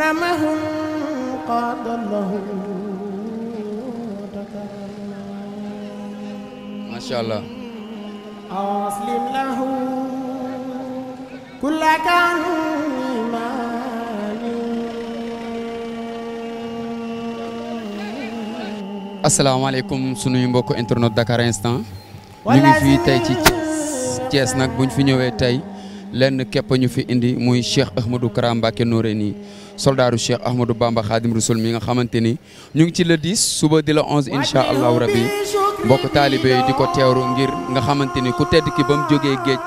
علمهم قاد له ما شاء الله أسلم له كل كان asalaamaaleykum sunuy mbokku internet Dakar instant ñu ngi fii tey ci Thiès nag buñ fi ñëwee tey lenn képp ñu fi indi muy Cheikh Ahmadou Kara Mbacké Noreyni soldaaru Cheikh Ahmadou Bamba Khadim Rasoul mi nga xamante ni ñu ngi ci le 10 suba di la 11 incha allahu rabi mbokk taalibe di ko teewru ngir nga xamante ni ku tedd ki ba mu jógee géej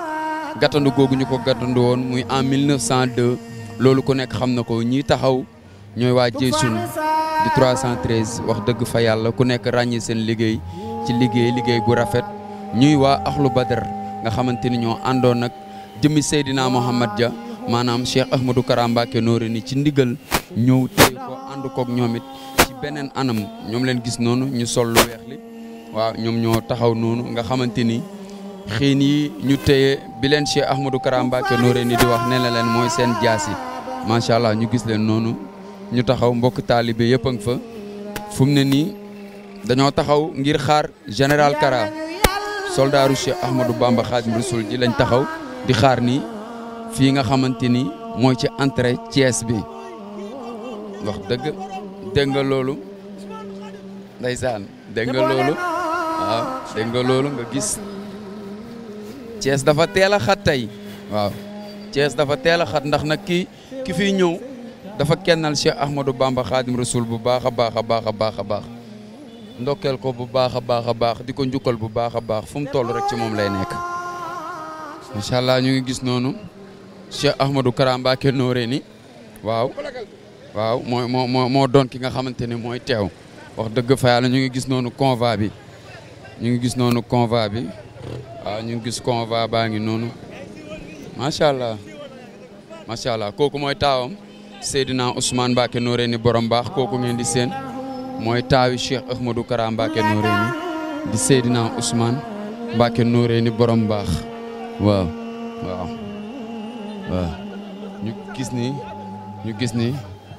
gàttandu googu ñu ko gàttandu woon muy en 1902 loolu ku nekk xam na ko ñiy taxaw ñooy waa Jeysun di 313 wax dëgg fa yàlla ku nekk ràññi seen liggéey ci liggéey liggéey bu rafet ñuy waa Axlu Badar nga xamante ni ñoo àndoon nag jëmmi Seydina Mohamed ja maanaam Cheikh Ahmadou Kara Mbacké nooré ni ci ndigal ñëw téye ko ànd koog ñoom it ci beneen anam ñoom leen gis noonu ñu sol lu weex li waaw ñoom ñoo taxaw noonu nga xamante ni xiin yi ñu téye bi leen Cheikh Ahmadou Kara Mbacké nooré ni di wax ne la leen mooy seen jaas yi macha allah ñu gis leen noonu ñu taxaw mbokk taalibe yëpp a ngi fa fu ne nii dañoo taxaw ngir xaar général Kara soldaaru Cheikh Ahmadou Bamba Khadim Rasoul ji lañ taxaw di xaar nii fi nga xamanteni ni ci entrée ties bi wax deug lolu ndaysan lolu waaw nga gis ties dafa téla xat tay waaw ties dafa téla xat ndax nak ki ki fi ñew dafa kennal Cheikh Ahmadou Bamba Khadim Rasoul bu baka baka baka baka, baax ndokel ko bu baakha baakha baax diko bu baakha a baax fu mu toll rek ci mom lay nek inshallah ñu ngi gis nonu. Cheikh Ahmadou Kara Mbacké Noreyni waaw waaw moo moo doon ki nga xamante ne mooy teew wax dëgg fa yàlla ñu ngi gis noonu convoi bi ñu ngi gis noonu convoi bi waaw ñu ngi gis convoi baa ngi noonu macha allah macha allah kooku mooy taawam Seydina Ousmane Mbacké Noreyni borom baax kooku ngeen di seen mooy taawi Cheikh Ahmadou Kara Mbacké Noreyni di Seydina Ousmane Mbacké Noreyni borom baax waaw waaw. waaw ñu gis ni ñu gis ni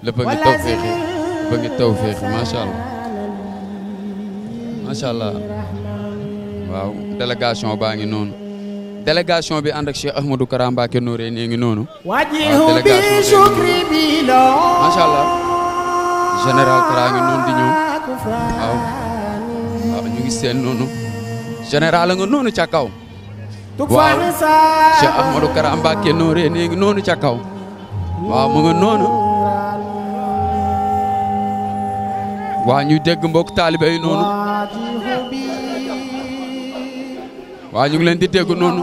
lépp a ngi taw féexi lépp ngi taw féexi macha allah macha allah waaw délégation baa ngi noonu délégation bi ànd ak Cheikh Ahmadou Kara Mbacké Noreyni nee ngi noonu délégation bi macha allah général Kara ngi noonu di ñëw waaw ñu ngi seen noonu général a nga noonu ca kaw waaw Cheikh Ahmadou Kara Mbacké nooree nee ngi noonu ca kaw waaw mu nga noonu waa ñu dégg mbokk taalibe yi noonu waa ñu leen di dégg noonu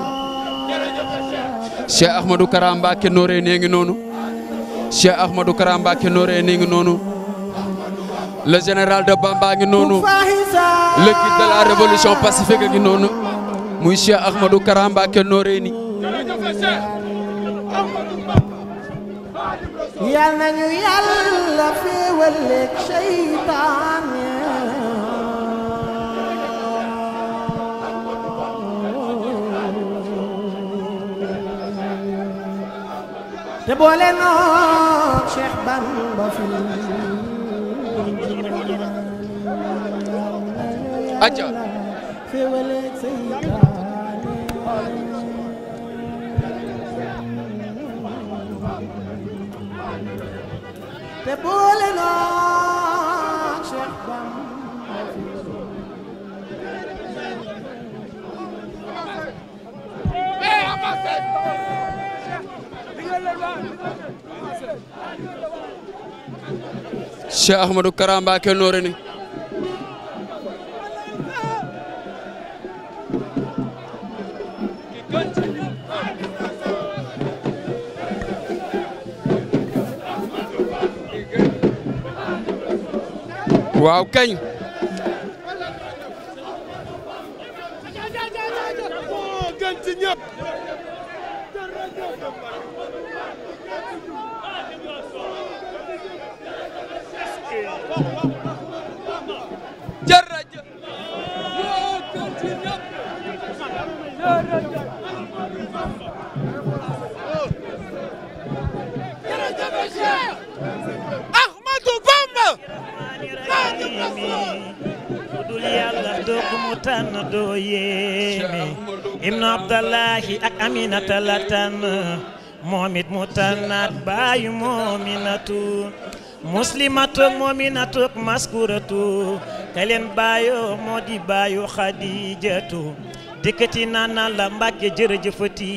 Cheikh Ahmadou Kara Mbacké nooree nee ngi noonu Cheikh Ahmadou Kara Mbacké nooree nee ngi noonu le général de Bamba noonu le guide de la révolution pacifique ngi noonu مشي احمد كرام بك نوريني يا من يلا في ولك شيطان يا تبولنا شيخ بامبا في اجا في ولك te boole naa Cheikh Bamba Cheikh Ahmadou Kara Mbacké Noreyni waaw kañ Go, go, go. Abdallahi ak Aminata la tànn moom mu tànnaat baayu moominatu muslimatu moominatu maskuratu ka leen baayoo moo di baayu xadijatu dëkkati nana la mbàkke jërëjëfati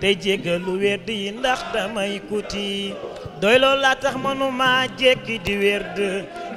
tey jéggalu werd yi ndax damay kuti doy loolu tax mënuma jékki di werd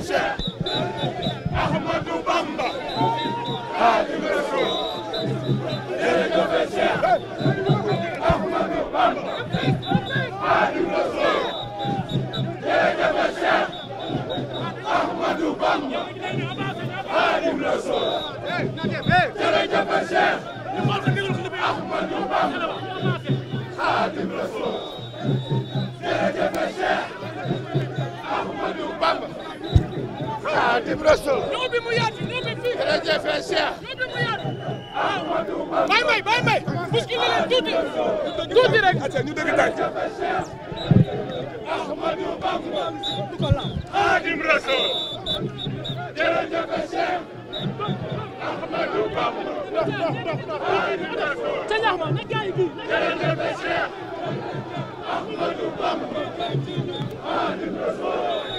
Ahmadou Bamba Xaadim Rasul ñoo bi mu yaatu ñoo bi fii jërëjëf Cheikh ñoo bi mu yaatu bay may bay may muskil leen tuuti tuuti rek ñu dëgg tànk Ahmadou Bamba Xaadim Rasul jërëjëf Cheikh Ahmadou Bamba Xaadim Rasul ca ñax ma na gaay gi jërëjëf Cheikh Ahmadou Bamba Xaadim Rasul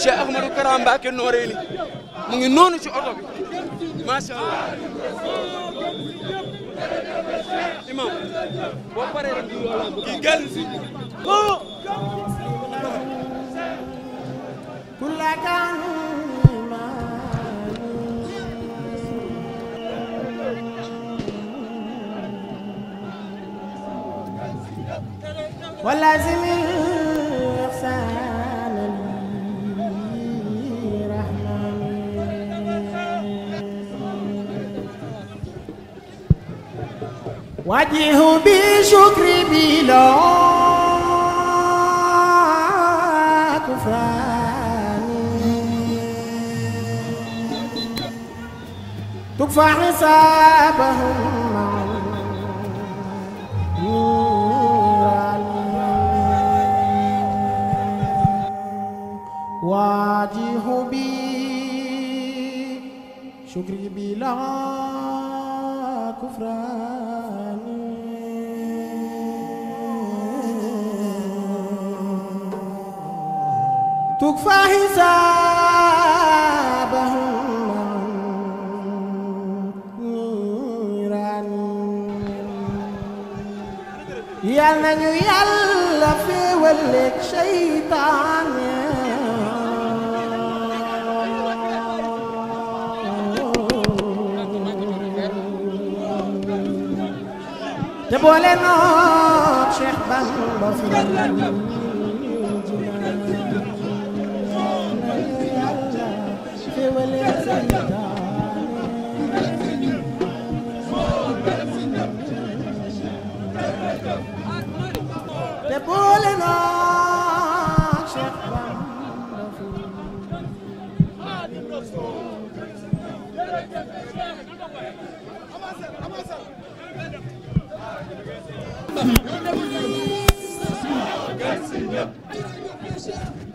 Cheikh Ahmadou Kara Mbacké Noreyni mu ngi noonu ci oto bi macha allah imam boo paree rek kii gàll si واللازم وجه بشكر بلا كفران تكفى حسابهم واجه بي شكري بلا كفران تكفى حسابهم نيران يالنا نيو يالا في ولك شيطان تبولي نوك شيخ بامبا في boole naa Cheikh Bamba Fall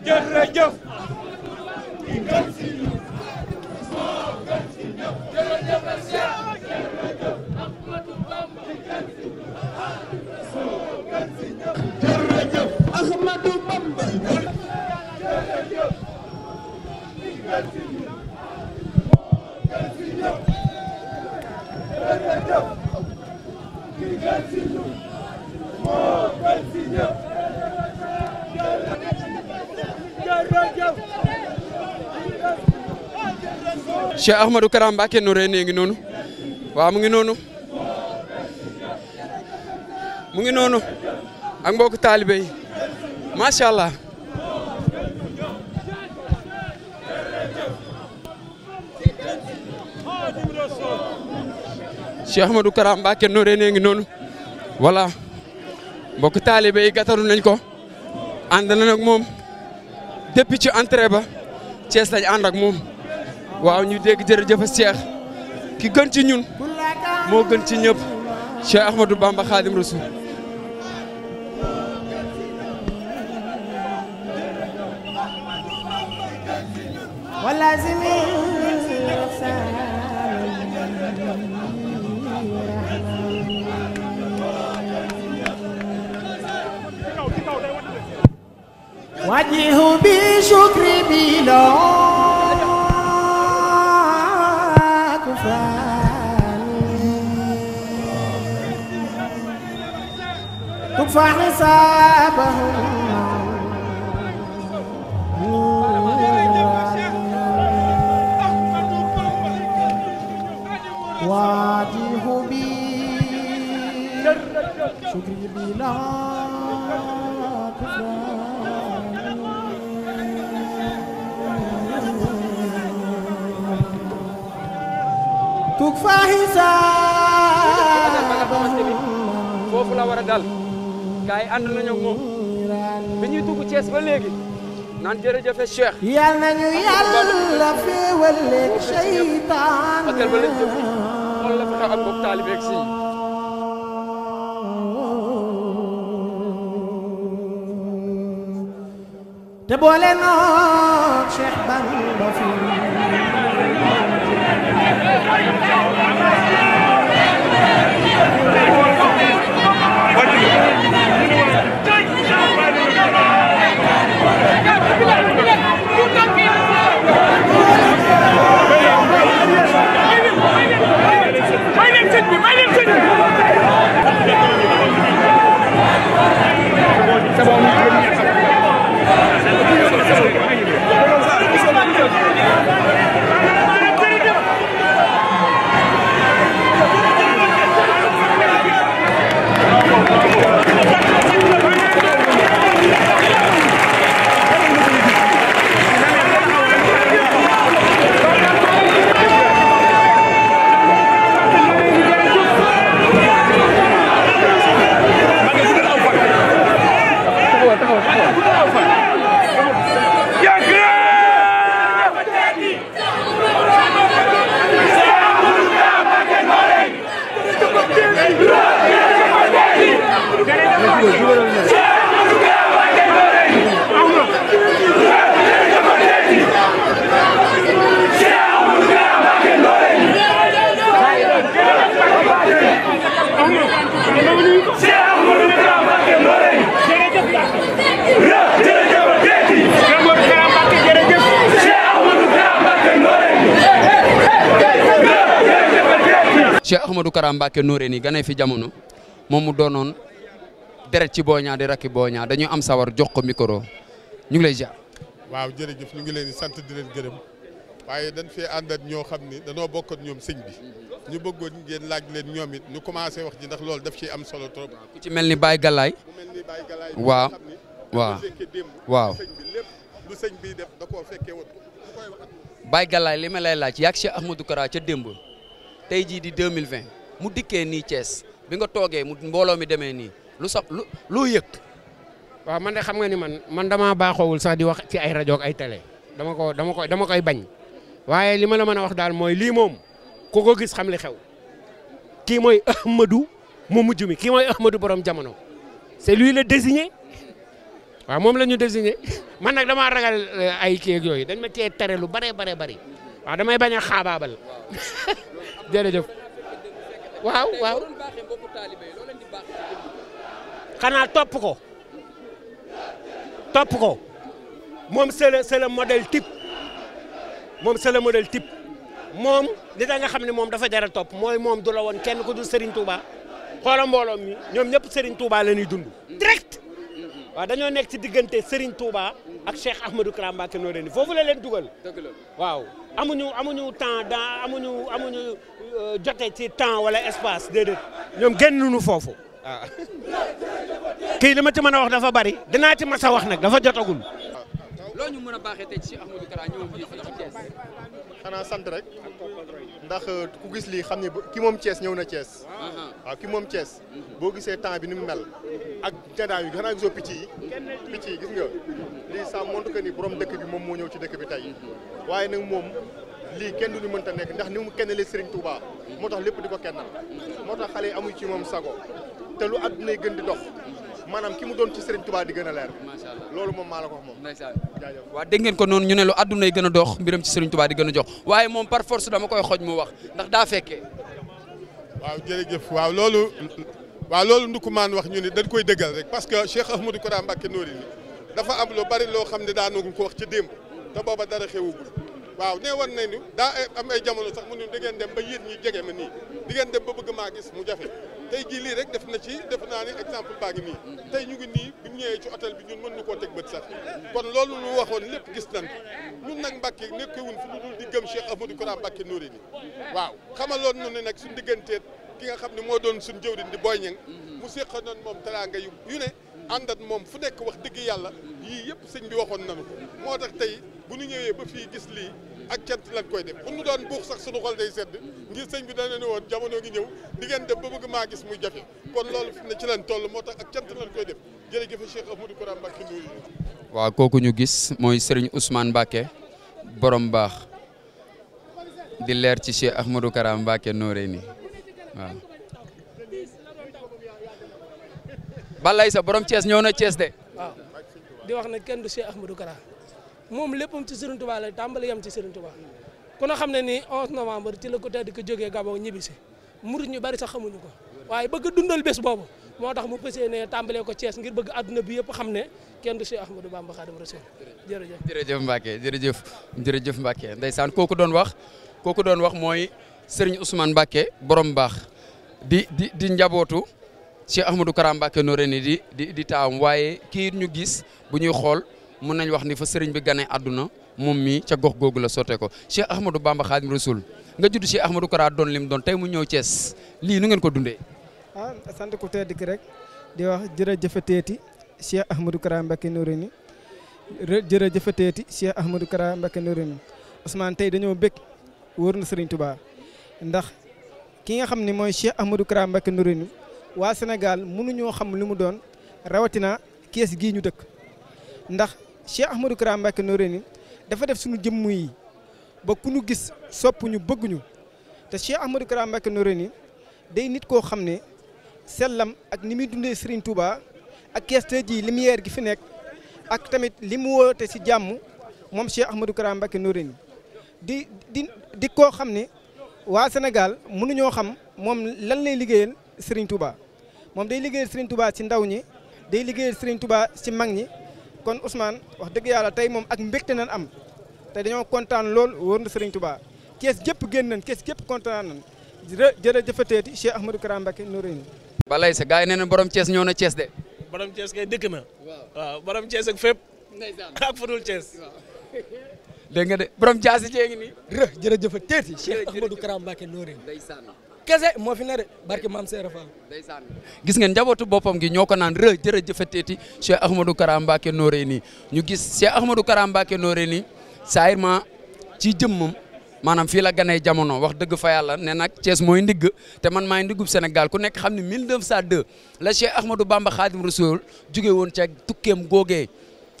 jërëjëf Cheikh Ahmadou Karam Mbacké Noreyni ngi noonu waaw mu ngi noonu mu ngi noonu ak mbokk taalibe yi macha allah. Cheikh Ahmadou Karam Mbacké Noreyni ngi noonu voilà mbokk taalibe yi gàttalu nañ ko ànd na nag moom depuis ci entrée ba Thiès lañ moom. waaw ñu dégg jërëjëf Cheikh ki gën ci ñun moo gën ci ñëpp Cheikh Ahmadou Bamba Khadim Rasoul وجه بشكر بلاد تكفى حسابهم واجه بي شكري بلا كفران تكفى حسابهم فوف لا ورا دال gars yi ànd nañu moom bi ñuy dugg Thiès ba léegi naan jërëjëfe Cheikh. yal nañu yàlla féewaleeg seytaan ak ba lañ jëm xool la fa ak bopp taalibe ak si te boole noog Cheikh Bamba fi Happy Cheikh Ahmadou Kara Mbacké Noreyni ganay fi jamono moom mu doonoon deret ci Boy Niang di rakki Boy Niang am sawar jox ko micro ñu ngi lay jaar. waaw jërëjëf ñu ngi leen di sant di leen gërëm waaye dañ fee àndat ñoo xam ni danoo bokk ak ñoom sëñ bi ñu bëggoon ñu ngeen laaj leen ñoom it ñu commencé wax ji ndax loolu daf ciy am solo trop. ku ci mel ni baay Galaye. ku mel ni waaw waaw waaw. bi lépp Baye Galaye li ma lay laaj yàgg Cheikh Ahmadou Kara ca démb tey jii di 2020 mu dikkee nii cees bi nga toogee mu mbooloo mi demee nii lu sax lu loo yëg. waaw man de xam nga ni man man damaa baaxoowul sax di wax ci ay rajo ay tele dama ko dama ko dama koy bañ waaye li ma la mën a wax daal mooy lii moom ku ko gis xam li xew kii mooy Ahmadou mu mujj mi kii mooy Ahmadou borom jamono c'est lui le désigné. waaw moom la ñu désigné man nag damaa ragal euh, ay kii ak dañ ma cee tere lu bare bare bari waaw damay bañ a xaabaabal jërëjëf waaw waaw xanaa topp ko topp ko moom c'est le c'est le modèle type moom c'est le modèle moom li da xam ne moom dafa jara topp mooy moom dula la woon kenn ku dul Serigne Touba xoola mbooloo mi ñoom ñëpp Serigne Touba la ñuy dund waaw dañoo nekk ci diggante Serigne Touba ak Cheikh Ahmadou Kara Mbacké Noreyni foofu la leen dugal. waaw amuñu amuñu temps dans amuñu amuñu euh, jote ci temps wala espace déedéet ñoom génnuñu foofu waaw. Ah. kii li ma ci mën a wax dafa bari dinaa ci mas a wax nag dafa jotagul. Ah, ah. loo ñu mën a baaxee tey ci ci Thiès. xanaa sant rek ndax ku gis lii xam ne ki moom Thiès ñëw na Thiès waaw ki moom cees boo gisee temps bi ni mu mel ak jadaaw yi xanaa gisoo picc yi picc gis nga lii ça montre que ni borom dëkk bi moom moo ñëw ci dëkk bi tey waaye nag moom lii kenn duñu mënta nekk ndax ni mu kenn kennalee Serigne Touba moo tax lépp di ko kennal moo tax xale yi amuñ ci moom sago te lu àdduna gën di dox maanaam ki mu doon ci Serigne Touba di gën a leer. macha allah loolu moom maa la ko wax moom. ndeysaan jaajëf waaw dégg ngeen ko noonu ñu ne lu adduna yi gën a dox mbiram ci Serigne Touba di gën a jox waaye moom par force dama koy xoj mu wax ndax daa fekkee. waaw jërëjëf waaw loolu. waaw loolu Ndoukoumane wax ñu ne dañ koy dëggal rek parce que Cheikh Ahmadou Koura Mbacké Noreyni dafa am lu bari loo xam ne daa daanu ko wax ci démb te booba dara xewugul waaw nee woon nañu daa am ay jamono sax mu ne di ngeen dem ba yéen ñi jege ma nii di ngeen dem ba bëgg maa gis mu jafe tey jii lii rek def na ci def naa ne exemple baa ngi nii tey ñu ngi nii bi ñëwee ci hôtel bi ñun mën nu koo teg bët sax kon loolu lu waxoon lépp gis nañ ko ñun nag Mbàkke nekkewun fu lu dul di gëm Cheikh Ahmadou Kora Mbàkke Noreyni waaw xamaloon nu ne nag suñ digganteet ki nga xam ne moo doon suñ jëwriñ di Boy Niang mu séqanoon moom nga yu yu ne àndat moom fu nekk wax digg yàlla yii yëpp sëñ bi waxoon nañu moo tax tey bu ñu ñëwee ba fii gis lii ak cant lañ koy def bu ñu doon buux sax suñu xol day sedd ngir sëñ bi dana ne woon jamono ngi ñëw di ngeen dem ba bëgg maa gis muy jafe kon loolu fi ne ci lañ toll moo tax ak cant lañ koy def jërëjëf Cheikh Ahmadou Kourane Mbacké nuyu waaw kooku ñu gis mooy Serigne Ousmane Mbacké borom baax di leer ci Cheikh Ahmadou Kourane Mbacké nooree nii waaw. Balay sa borom na Thiès de. waaw di wax ne kenn du Cheikh Ahmadou Kourane. moom léppam ci Serigne Touba la tàmbali yam ci Serigne Touba ku ne xam ne ni 11 novembre ci la ko tedd ko jógee Gabon ñibbisi murit ñu bari sax xamuñu ko waaye bëgg dundal bés boobu moo tax mu pësee ne tàmbalee ko Thiès ngir bëgg àdduna bi yëpp xam ne kenn du Cheikh Ahmadou Bamba Khadim Rasoul jërëjëf jërëjëf Mbacke jërëjëf jërëjëf Mbacke ndeysaan kooku doon wax kooku doon wax mooy Serigne Ousmane mbake borom baax di di di njabootu Cheikh Ahmadou Karam Mbacke Noreyni di di di taawam waaye kii ñu gis bu ñuy xool mun nañ wax ni fa sëriñ bi gane àdduna moom mii ca gox googu la sottee ko Cheikh Ahmadou Bamba Khadim Rasoul nga judd Cheikh Ahmadou Kara doon lim doon tey mu ñëw cees lii nu ngeen ko dundee. ah sant ko te ki rek di wax jërëjëfateeti Cheikh Ahmadou Kara Mbacké Noreyni jërëjëfateeti Cheikh Ahmadou Kara Mbacké Noreyni Ousmane tey dañoo bëgg wóor na sëriñ Touba ndax ki nga xam ni mooy Cheikh Ahmadou Kara Mbacké Noreyni waa Sénégal mënuñoo xam li mu doon rawatina kees gii ñu dëkk ndax. Cheikh Ahmadou Kara Mbacké Noreyni dafa def suñu jëmm yi ba ku ñu gis soppuñu bëgguñu bëgg ñu te Cheikh Ahmadou Kara Mbacké day nit koo xam ne sellam ak ni muy dundee Serigne Touba ak keeste ji lumière gi fi nekk ak tamit li mu woote si jàmm moom Cheikh Ahmadou Kara Mbacké Noreyni di di di koo xam ni waa Sénégal mënuñoo xam moom lan lay liggéeyal Serigne Touba moom day liggéeyal Serigne Touba si ndaw ñi day liggéeyal Serigne Touba si mag ñi kon Ousmane wax dëgg yàlla tey moom ak mbégte nan am te dañoo kontaan lool wóor na Serigne Touba kees gépp génn nañ kees gépp kontaan nañ jërëjëfateeti Cheikh Ahmadou Karam Mbacké Noreyni. balay sa gars yi nee na borom cees ñoo na Thiès de. borom Thiès kay dëkk na. waaw borom Thiès ak fépp. ak fudul Thiès. dégg nga de borom Thiès yi cee ngi nii. jërëjëfateeti Cheikh Ahmadou kese moo fi ne de barki maam Seera Fall gis ngeen njabootu boppam gi ñoo ko naan rë jërëjëfateeti Cheikh Ahmadou Kara Mbacké Noreyni ñu gis Cheikh Ahmadou Kara Mbacké saa saayirma ci jëmmam maanaam fii la ganee jamono wax dëgg fa ne nag Thiès mooy ndigg te man maay ndiggub Sénégal ku nekk xam ne 1902 la Cheikh Ahmadou Bamba Khadim Rasoul jóge woon ca tukkeem googee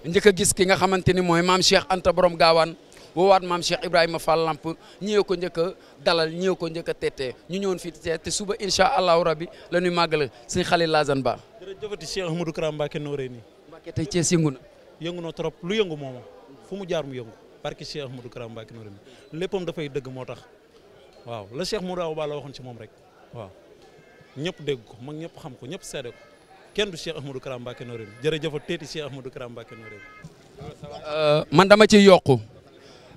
njëkk gis ki nga xamante ni mooy maam Cheikh Anta borom gaawaan woowaat maam Cheikh Ibrahima Fall Lamp ñëwee ko njëkk dalal ñëwee ko njëkk a teetee ñu ñëwoon fii te suba incha allahu rabi la ñuy màggal sëñ Xalil Lazane Ba. jërëjëfati Cheikh Ahmadou Kara Mbacke nooree nii. Mbacke tey Thiès yëngu na. yëngu na trop lu yëngu moom fu mu jaar mu yëngu barki Cheikh Ahmadou Kara Mbacke nooree nii léppam dafay dëgg moo tax waaw la Cheikh Modou Awa Ba waxoon ci moom rek waaw ñëpp dégg ko mag ñëpp xam ko ñëpp seede kenn du Cheikh Ahmadou Kara Mbacke nooree nii jërëjëf teeti Cheikh Ahmadou Kara Mbacke euh, man dama ci yokku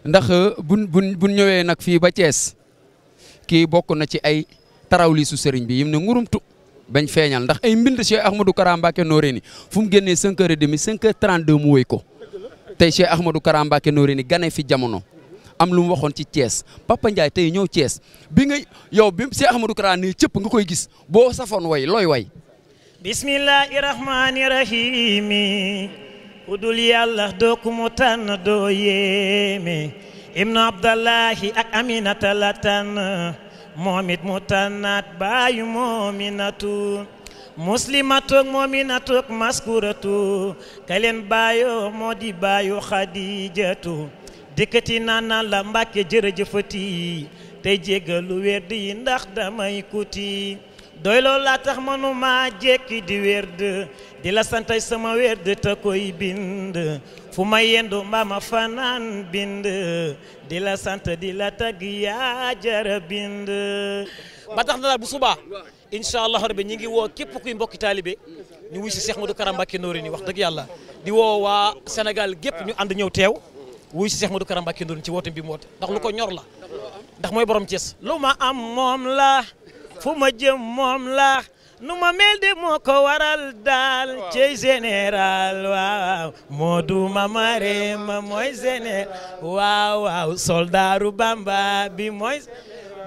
ndax bu euh, buñ buñ ñëwee nag fii ba cees kii bokk na ci ay tarawliisu sëriñ bi yim ne ngurumtu bañ feeñal ndax ay mbind Cheikh Ahmadou Kara Mbacké Noreyni fu mu génnee 5 heures et demi 5 heures 32 mu wéy ko tey Cheikh Ahmadou Kara Mbacké Noreyni gane fi jamono am lu mu waxoon ci cees Papa tey ñëw cees bi nga yow bi Cheikh Ahmadou Kara ne nga koy gis boo safoon way looy way bismillahi ku dul yàlla doo ku mu doo yéeme ibnu abdallahi ak aminata la tànn moom baayu moominatu muslimatook moominatook maskuratu kaleen baayoo moo di baayu xadijatu dikkati naanaan la mbàkke jërëjëfati tey jéggalu werd yi ndax damay kuti doy la tax manuma jekki di werd di la santay sama werd ta koy bind fuma yendo mama fanan bind di la sante di la tag ya jar bind ba tax na bu suba inshallah allah rabbi ñi ngi wo kep kuy mbokk talibé ñu wuy ci Cheikh Modou bakki nori ni wax deug yalla di wo wa Senegal gep ñu and ñew tew wuy ci Cheikh Modou karam bakki nori ci woote bi mu woote ndax lu ko ñor la ndax moy borom Thiès lu ma am mom la fu ma jëm moom laax nu ma mel de moo ko waral daal ci général waaw moo du ma mare ma mooy général waaw waaw soldaaru bamba bi mooy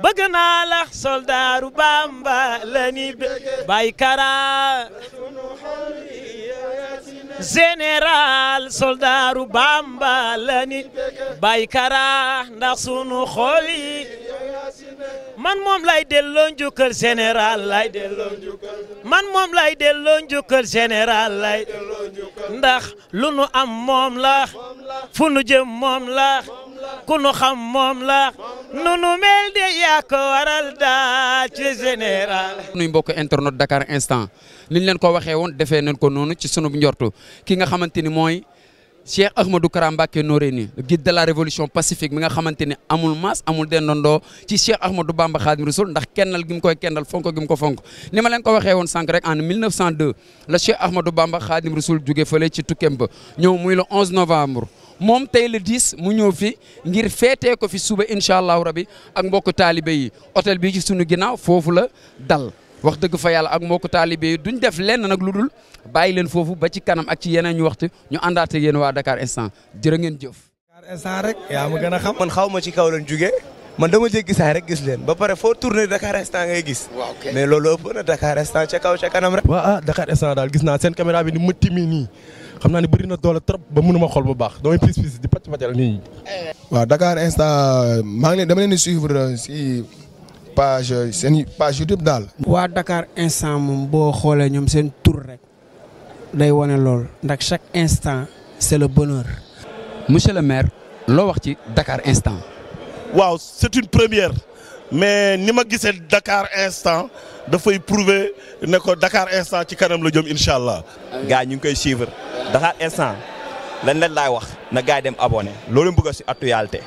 bëgg naa la soldaaru bamba la ni baykara général ndax sunu xol man moom lay delloo njukkal général lay delloo njukkal man moom lay delloo njukkal lay ndax lu nu am moom la fu nu jëm moom la ku nu xam moom la nu nu mel de yaa ko waral daal ci général. nuy mbokk internet Dakar instant ni ñu leen ko waxee woon defee nañ ko noonu ci sunu njortu ki nga xamante ni mooy. Cheikh Ahmadou Kara Mbacké le guide de la révolution pacifique mi nga xamante ne amul maas amul dendandoo ci Cheikh Ahmadou Bamba Khadim Rasoul ndax kennal gi mu koy kennal fonk gi mu ko fonk ni ma leen ko waxee woon sànq rek en 1902 le Cheikh Ahmadou Bamba Khadim Rasoul jóge fële ci tukkeem ba muy le 11 novembre moom le 10 mu ñëw fi ngir feetee ko fi suba incha allahu rabi ak mbokk taalibe yi hôtel bi ci sunu ginnaaw foofu la dal wax dëgg fa yàlla ak mbokku taalibe yi duñ def lenn nag lu dul bàyyi leen foofu ba ci kanam ak ci yeneen ñu waxtu ñu àndaate yéen waa Dakar instant jërë ngeen jëf. Dakar instant rek yaa ma gën xam. man xawma ci kaw lañ jugee man dama jéggi saa rek gis leen ba pare foo tourné Dakar instant ngay gis. waaw ok mais loolu instant ca kaw ca kanam rek. waaw ah Dakar instant daal gis naa seen caméra bi ni mu timmi nii xam naa ne bëri na doole trop ba mënuma xool bu baax damay pis pis di pàcc pàccal nii. waaw Dakar instant maa ngi leen dama leen di suivre si page seen page YouTube dal. Wa Dakar instant bo xolé xoolee sen tour rek day woné lool Ndak chaque instant c'est le bonheur. monsieur le maire lo wax ci Dakar instant. waaw c'est une première mais ni ma Dakar instant fay prouver ne ko Dakar instant ci kanam la jëm inshallah. Ga ñu ngi koy suivre Dakar instant lan leen lay wax na gaay dem abonné leen bëgg si actualité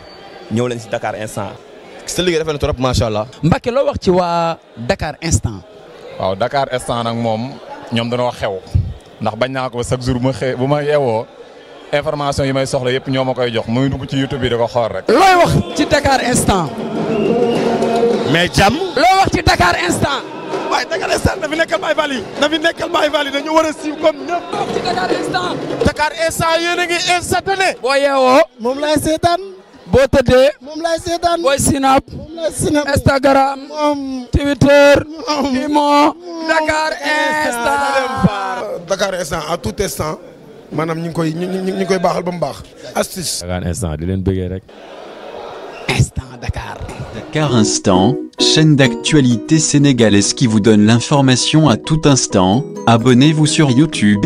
Ñew leen ci Dakar instant. sa liggéey rafet na trop macha allah. Mbacke loo wax ci waa Dakar instant. waaw Dakar instant nag moom ñoom dañoo xew ndax bañ naa ko yi may soxla yëpp ñoo ma koy jox muy dugg ci Dakar instant. mais jàmm. loo wax ci Dakar instant. waaye Dakar instant na fi nekkal Baye Fall na fi war a siiw comme ñëpp. wax ci Dakar instant. Dakar instant yéen boo yeewoo moom laay seetaan. bote de Voicinap, lay Instagram. Twitter. Imo. Dakar instant. Dakar instant à tout instant. Madame, ñu ngi koy astuce. Dakar instant di Instant Dakar. Dakar instant, chaîne d'actualité sénégalaise qui vous donne l'information à tout instant. Abonnez-vous sur YouTube